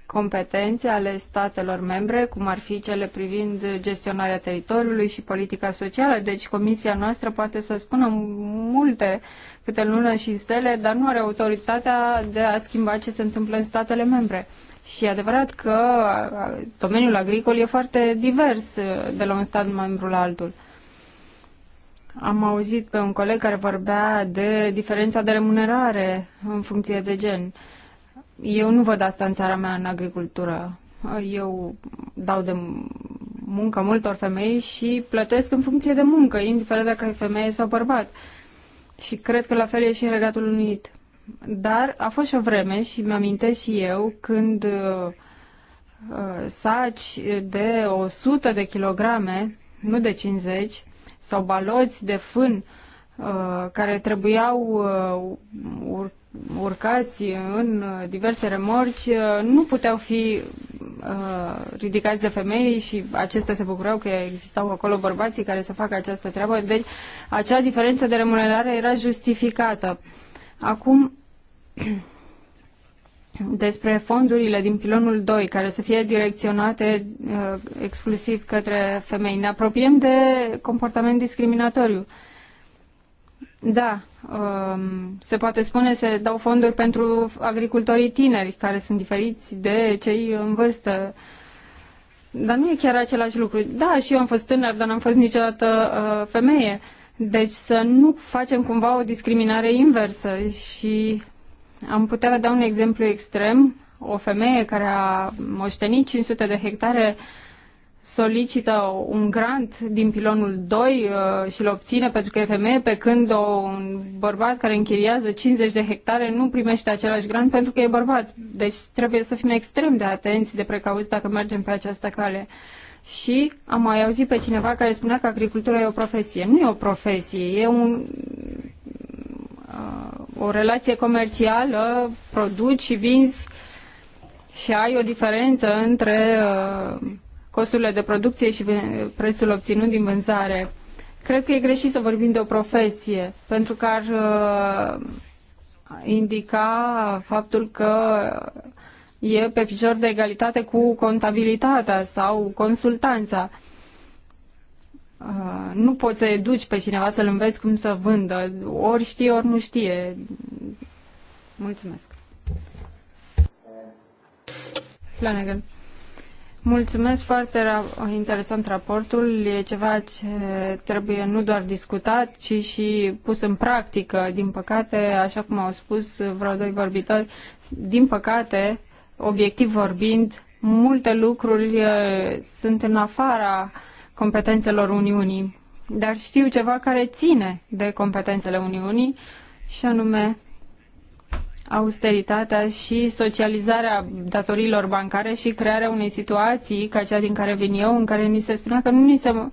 competențe ale statelor membre, cum ar fi cele privind gestionarea teritoriului și politica socială. Deci comisia noastră poate să spună multe câte lună și stele, dar nu are autoritatea de a schimba ce se întâmplă în statele membre. Și e adevărat că domeniul agricol e foarte divers de la un stat membru la altul. Am auzit pe un coleg care vorbea de diferența de remunerare în funcție de gen. Uh, eu nu văd asta în țara mea, în agricultură. Eu dau de muncă multor femei și plătesc în funcție de muncă, indiferent dacă e femeie sau bărbat. Și cred că la fel e și în Regatul Unit. Dar a fost și o vreme și mi-amintesc și eu când uh, uh saci de 100 de kilograme, nu de 50, sau baloți de fân uh, care trebuiau uh, urcați în diverse remorci nu puteau fi uh, ridicați de femei și acestea se bucurau că existau acolo bărbații care să facă această treabă, deci acea diferență de remunerare era justificată. Acum, despre fondurile din pilonul 2 care să fie direcționate uh, exclusiv către femei. Ne apropiem de comportament discriminatoriu. Uh, da, um, se poate spune, se dau fonduri pentru agricultorii tineri, care sunt diferiți de cei în vârstă. Dar nu e chiar același lucru. Da, și eu am fost tânăr, dar n-am fost niciodată uh, femeie. Deci să nu facem cumva o discriminare inversă și am putea da un exemplu extrem. O femeie care a moștenit 500 de hectare uh, solicită un grant din pilonul 2 uh, și îl obține pentru că e femeie, pe când o, un bărbat care închiriază 50 de hectare nu primește același grant pentru că e bărbat. Deci trebuie să fim extrem de atenți, de precauți dacă mergem pe această cale. Și am mai auzit pe cineva care spunea că agricultura e o profesie. Nu e o profesie, e un, uh, o relație comercială, produci și vinzi și ai o diferență între uh, costurile de producție și prețul obținut din vânzare. Cred că e greșit să vorbim de o profesie, pentru că ar uh, indica faptul că e pe picior de egalitate cu contabilitatea sau consultanța. Uh, nu poți să educi pe cineva să-l înveți cum să vândă. Ori știe, ori nu știe. Mulțumesc. Flanagan. Mulțumesc foarte interesant raportul. E ceva ce trebuie nu doar discutat, ci și pus în practică. Din păcate, așa cum au spus vreo doi vorbitori, din păcate, obiectiv vorbind, multe lucruri sunt în afara competențelor Uniunii. Dar știu ceva care ține de competențele Uniunii și anume austeritatea și socializarea datoriilor bancare și crearea unei situații, ca cea din care vin eu, în care ni se spunea că nu se um,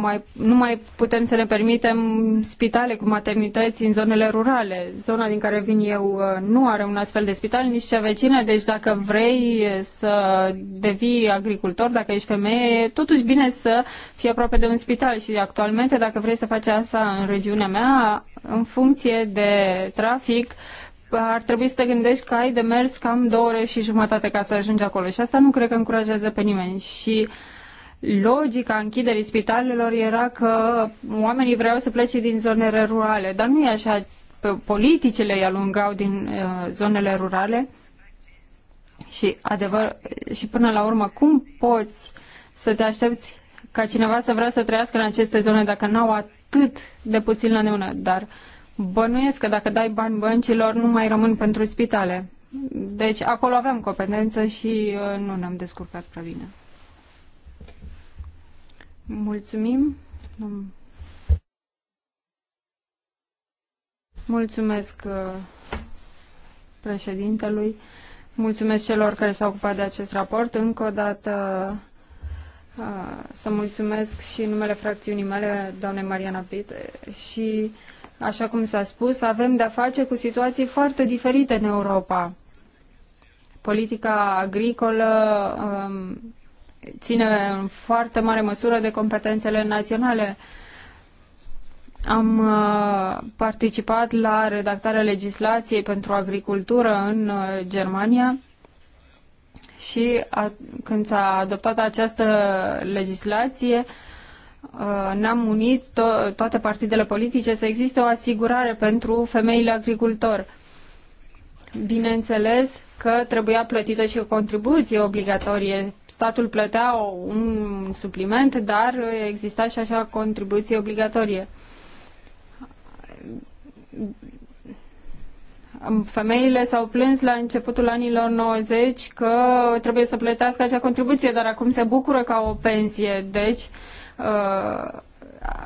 mai, nu mai putem să ne permitem spitale cu maternități în zonele rurale. Zona din care vin eu uh, nu are un astfel de spital, nici cea vecină, deci dacă vrei să devii agricultor, dacă ești femeie, totuși bine să fii aproape de un spital și actualmente dacă vrei să faci asta în regiunea mea, în funcție de trafic, uh, ar trebui să te gândești că ai de mers cam două ore și jumătate ca să ajungi acolo și asta nu cred că încurajează pe nimeni și logica închiderii spitalelor era că oamenii vreau să plece din zonele rurale, dar nu e așa, politicile îi alungau din uh, zonele rurale și adevăr și până la urmă cum poți să te aștepți ca cineva să vrea să trăiască în aceste zone dacă n-au atât de puțin la neună, dar uh, Bănuiesc că dacă dai bani băncilor, nu mai rămân pentru spitale. Deci acolo aveam competență și uh, nu ne-am descurcat prea bine. Mulțumim. Mulțumesc uh, președintelui. Mulțumesc celor care s-au ocupat de acest raport. Încă o dată uh, să mulțumesc și numele fracțiunii mele, doamne Mariana Pite, și Așa cum s-a spus, avem de-a face cu situații foarte diferite în Europa. Politica agricolă um, ține în foarte mare măsură de competențele naționale. Am uh, participat la redactarea legislației pentru agricultură în uh, Germania și a, când s-a adoptat această legislație, uh, Uh, ne-am unit to- toate partidele politice să existe o asigurare pentru femeile agricultori. Bineînțeles că trebuia plătită și o contribuție obligatorie. Statul plătea un supliment, dar exista și așa contribuție obligatorie. Femeile s-au plâns la începutul anilor 90 că trebuie să plătească acea contribuție, dar acum se bucură ca o pensie. Deci, uh, Uh,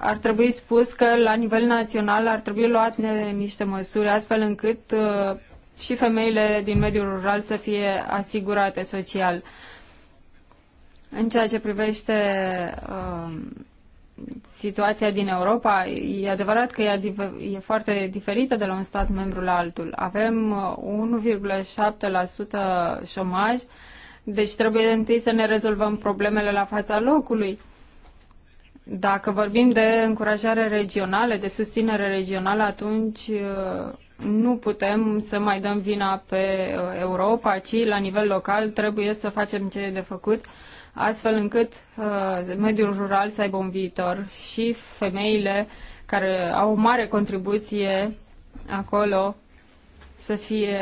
ar trebui spus că la nivel național ar trebui luat niște măsuri astfel încât uh, și femeile din mediul rural să fie asigurate social. În ceea ce privește uh, situația din Europa, e adevărat că ea e foarte diferită de la un stat membru la altul. Avem uh, 1,7% șomaj, deci trebuie întâi să ne rezolvăm problemele la fața locului. Uh, dacă vorbim de încurajare regională, de susținere regională, atunci uh, nu putem să mai dăm vina pe uh, Europa, ci la nivel local trebuie să facem ce e de făcut, astfel încât uh, mediul rural să aibă un viitor și femeile care au o mare contribuție acolo să fie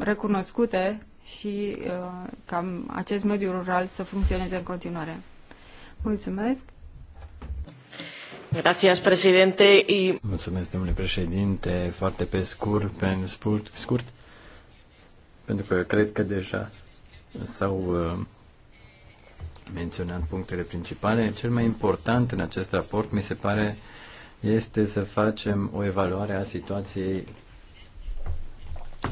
recunoscute și ca acest mediu rural să funcționeze în continuare. Mulțumesc! Mulțumesc, domnule președinte, foarte pe scurt, pe scurt, scurt pentru că cred că deja s-au uh, menționat punctele principale. Cel mai important în acest raport, mi se pare, este să facem o evaluare a situației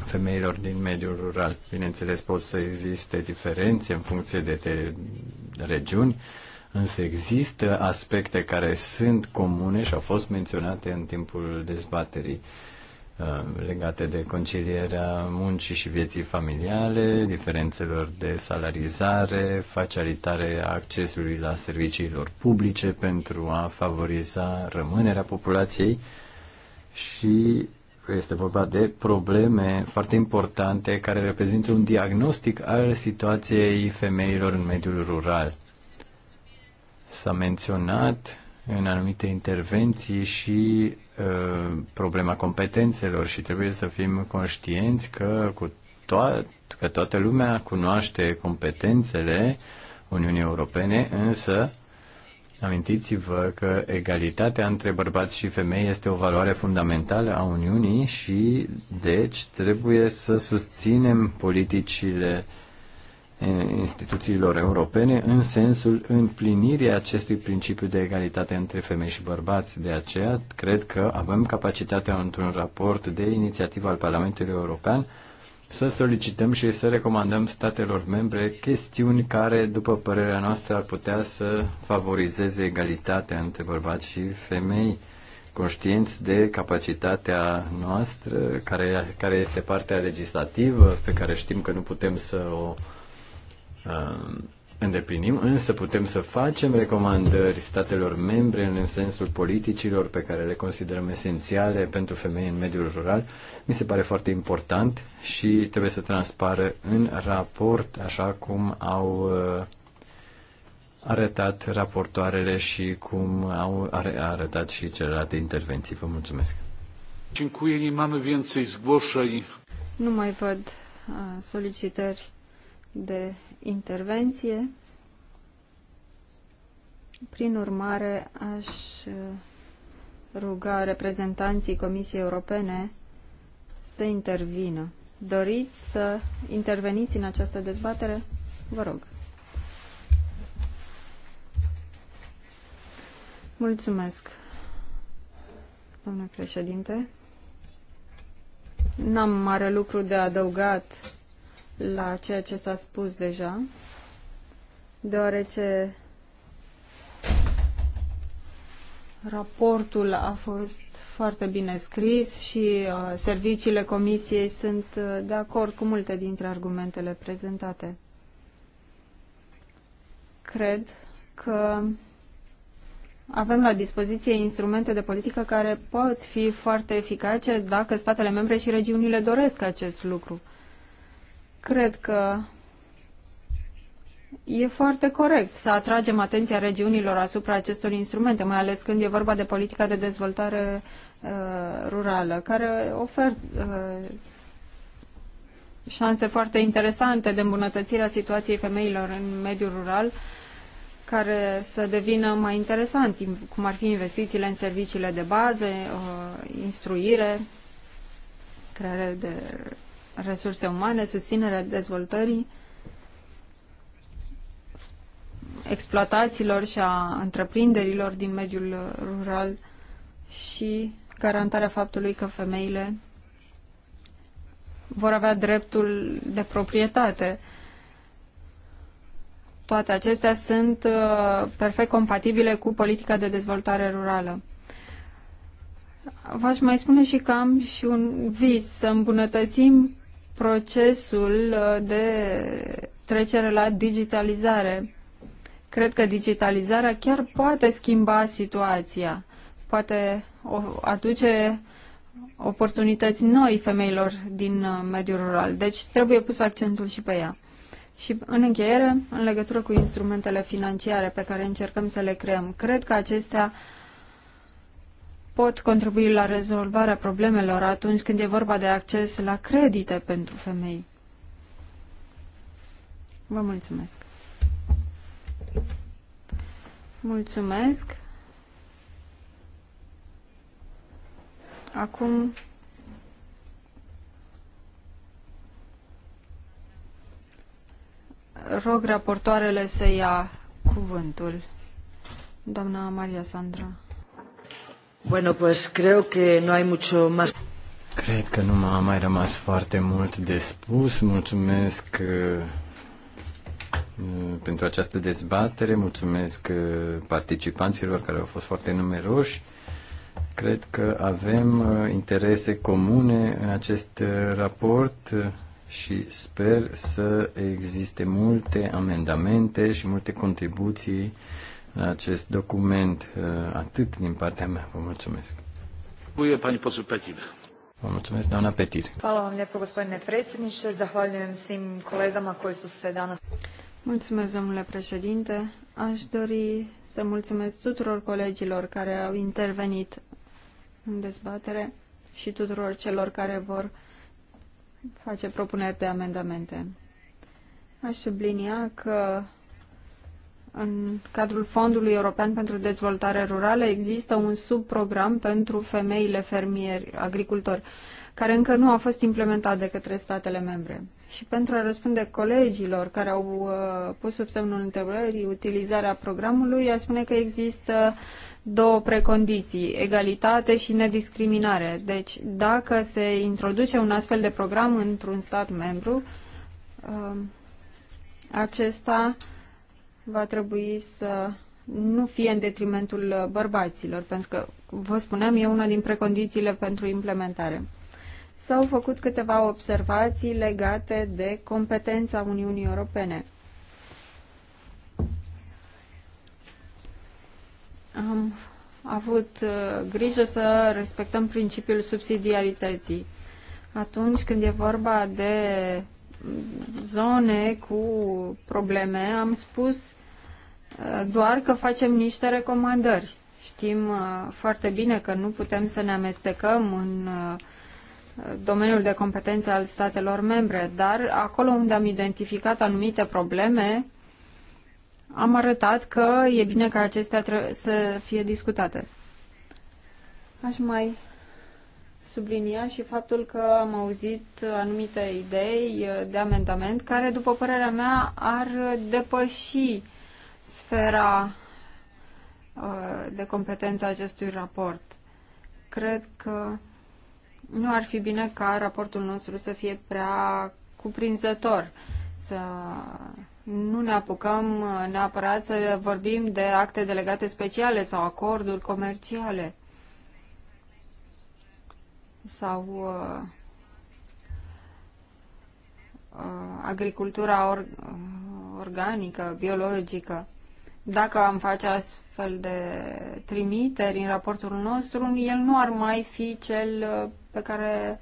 femeilor din mediul rural. Bineînțeles, pot să existe diferențe în funcție de, de regiuni, Însă există aspecte care sunt comune și au fost menționate în timpul dezbaterii uh, legate de concilierea muncii și vieții familiale, diferențelor de salarizare, facilitarea accesului la serviciilor publice pentru a favoriza rămânerea populației și este vorba de probleme foarte importante care reprezintă un diagnostic al situației femeilor în mediul rural. S-a menționat în anumite intervenții și uh, problema competențelor și trebuie să fim conștienți că cu toată că toată lumea cunoaște competențele Uniunii Europene, însă amintiți-vă că egalitatea între bărbați și femei este o valoare fundamentală a Uniunii și deci trebuie să susținem politicile uh, instituțiilor europene în sensul împlinirii acestui principiu de egalitate între femei și bărbați. De aceea, cred că avem capacitatea într-un raport de inițiativă al Parlamentului European să solicităm și să recomandăm statelor membre chestiuni care, după părerea noastră, ar putea să favorizeze egalitatea între bărbați și femei, conștienți de capacitatea noastră, care, care este partea legislativă, pe care știm că nu putem să o uh, Uh, îndeplinim, însă putem să facem recomandări statelor membre în sensul politicilor pe care le considerăm esențiale pentru femei în mediul rural. Mi se pare foarte important și trebuie să transpară în raport, așa cum au uh, arătat raportoarele și cum au arătat și celelalte intervenții. Vă mulțumesc. Nu mai văd uh, solicitări de intervenție. Prin urmare, aș uh, ruga reprezentanții Comisiei Europene să intervină. Doriți să interveniți în această dezbatere? Vă rog. Mulțumesc, domnule președinte. N-am mare lucru de adăugat la ceea ce s-a spus deja, deoarece raportul a fost foarte bine scris și uh, serviciile comisiei sunt uh, de acord cu multe dintre argumentele prezentate. Cred că avem la dispoziție instrumente de politică care pot fi foarte eficace dacă statele membre și regiunile doresc acest lucru. Cred că e foarte corect să atragem atenția regiunilor asupra acestor instrumente, mai ales când e vorba de politica de dezvoltare uh, rurală, care oferă uh, șanse foarte interesante de îmbunătățirea situației femeilor în mediul rural, care să devină mai interesant, cum ar fi investițiile în serviciile de bază, uh, instruire, creare de resurse umane, susținerea dezvoltării, exploatațiilor și a întreprinderilor din mediul rural și garantarea faptului că femeile vor avea dreptul de proprietate. Toate acestea sunt uh, perfect compatibile cu politica de dezvoltare rurală. V-aș mai spune și că am și un vis să îmbunătățim procesul uh, de trecere la digitalizare. Cred că digitalizarea chiar poate schimba situația, poate aduce oportunități noi femeilor din uh, mediul rural. Deci trebuie pus accentul și pe ea. Și în încheiere, în legătură cu instrumentele financiare pe care încercăm să le creăm, cred că acestea uh, pot contribui la rezolvarea problemelor atunci când e vorba de acces la credite pentru femei. Vă mulțumesc. Mulțumesc. Acum rog raportoarele să ia cuvântul. Doamna Maria Sandra. Bueno, pues creo que no hay mucho más. Cred că nu m-a mai rămas foarte mult de spus. Mulțumesc uh, uh, pentru această dezbatere, mulțumesc uh, participanților care au fost foarte numeroși. Cred că avem interese comune în acest raport și sper să existe multe amendamente și multe contribuții acest document uh, atât din partea mea. Vă mulțumesc. Buie, pani posul Petir. Vă mulțumesc, doamna Petir. Hvala vam lijepo, gospodine predsjedniče. Zahvaljujem svim kolegama koji su se danas... Mulțumesc, domnule președinte. Aș dori să mulțumesc tuturor colegilor care au intervenit în dezbatere și tuturor celor care vor face propuneri de amendamente. Aș sublinia că în cadrul Fondului European pentru Dezvoltare Rurală există un subprogram pentru femeile fermieri agricultori, care încă nu a fost implementat de către statele membre. Și pentru a răspunde colegilor care au uh, pus sub semnul întrebării utilizarea programului, ea spune că există două precondiții, egalitate și nediscriminare. Deci, dacă se introduce un astfel de program într-un stat membru, uh, acesta va trebui să nu fie în detrimentul uh, bărbaților, pentru că, vă spuneam, e una din precondițiile pentru implementare. S-au făcut câteva observații legate de competența Uniunii Europene. Am avut uh, grijă să respectăm principiul subsidiarității. Atunci când e vorba de zone cu probleme, am spus uh, doar că facem niște recomandări. Știm uh, foarte bine că nu putem să ne amestecăm în uh, domeniul de competență al statelor membre, dar acolo unde am identificat anumite probleme, am arătat că e bine ca acestea să fie discutate. Aș mai sublinia și faptul că am auzit anumite idei de amendament care, după părerea mea, ar depăși sfera uh, de competență a acestui raport. Cred că nu ar fi bine ca raportul nostru să fie prea cuprinzător, să nu ne apucăm neapărat să vorbim de acte delegate speciale sau acorduri comerciale sau uh, uh, agricultura or, uh, organică, biologică. Dacă am face astfel de trimiteri în raportul nostru, el nu ar mai fi cel uh, pe care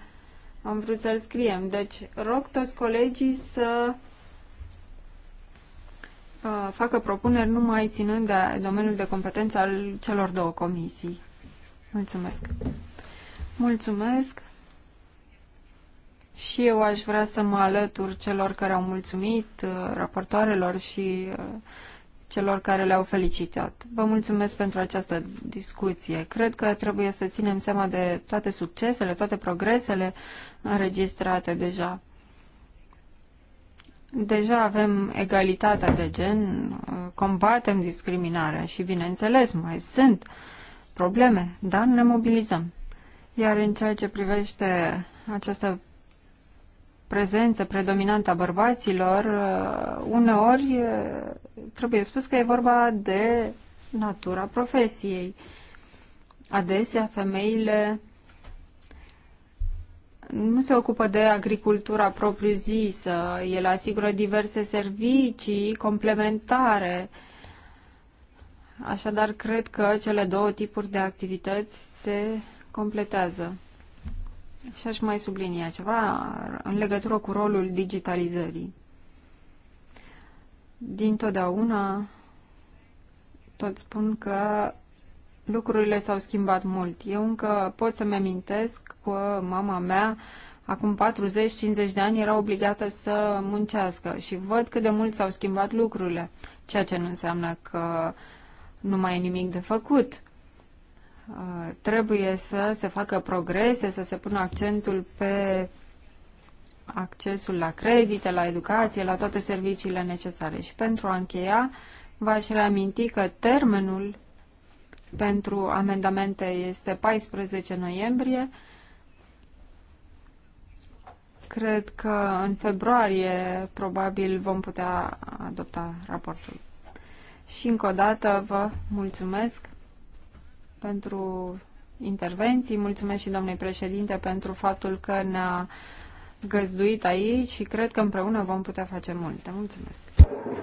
am vrut să-l scriem. Deci rog toți colegii să uh, facă propuneri numai ținând de domeniul de competență al celor două comisii. Mulțumesc! Mulțumesc. Și eu aș vrea să mă alătur celor care au mulțumit, uh, raportoarelor și uh, celor care le-au felicitat. Vă mulțumesc pentru această discuție. Cred că trebuie să ținem seama de toate succesele, toate progresele înregistrate deja. Deja avem egalitatea de gen, uh, combatem discriminarea și, bineînțeles, mai sunt probleme, dar ne mobilizăm. Iar în ceea ce privește această prezență predominantă a bărbaților, uh, uneori uh, trebuie spus că e vorba de natura profesiei. Adesea femeile nu se ocupă de agricultura propriu-zisă, el asigură diverse servicii complementare. Așadar, cred că cele două tipuri de activități se completează. Și aș mai sublinia ceva în legătură cu rolul digitalizării. Din totdeauna tot spun că lucrurile s-au schimbat mult. Eu încă pot să-mi amintesc că mama mea acum 40-50 de ani era obligată să muncească și văd cât de mult s-au schimbat lucrurile, ceea ce nu înseamnă că nu mai e nimic de făcut trebuie să se facă progrese, să se pună accentul pe accesul la credite, la educație, la toate serviciile necesare. Și pentru a încheia, v-aș reaminti că termenul pentru amendamente este 14 noiembrie. Cred că în februarie probabil vom putea adopta raportul. Și încă o dată vă mulțumesc pentru intervenții. Mulțumesc și domnului președinte pentru faptul că ne-a găzduit aici și cred că împreună vom putea face multe. Mulțumesc!